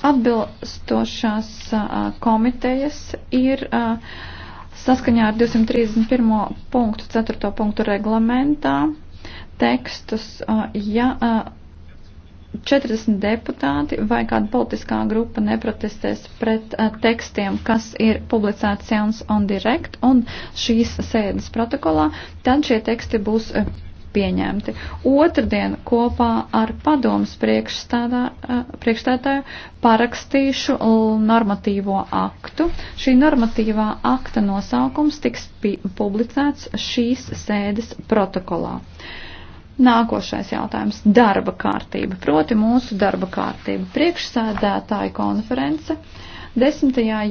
Atbilstošās komitejas ir saskaņā ar 231. punktu 4. punktu reglamentā tekstus, ja 40 deputāti vai kāda politiskā grupa neprotestēs pret tekstiem, kas ir publicēts jauns on direct un šīs sēdes protokolā, tad šie teksti būs pieņemti. Otradien kopā ar padomas eh, priekšstādāju parakstīšu normatīvo aktu. Šī normatīvā akta nosaukums tiks publicēts šīs sēdes protokolā. Nākošais jautājums - darba kārtība, proti mūsu darba kārtība. Priekšsēdētāja konference 10.